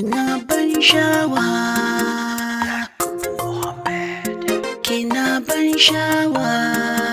Kina ban shawa Kina ban shawa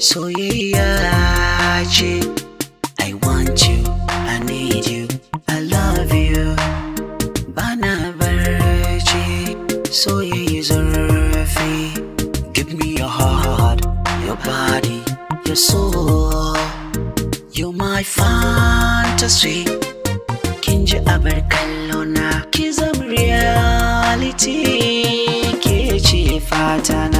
soyayya ce I want you, I need you, I love you So you barci soyayya zurfi Give me your heart, your body, your soul You're my fantasy Kinja ji abar kallona, ki reality Ke fatana.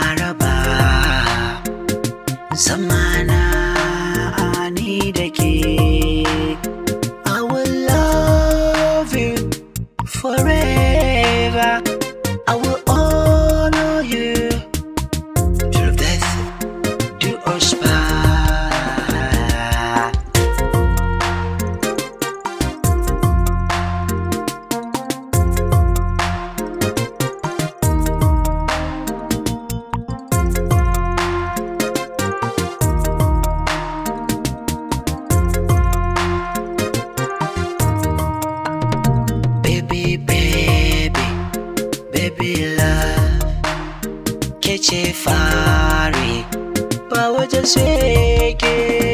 laraba zamanin kabila ke ce fari ba wajen su yake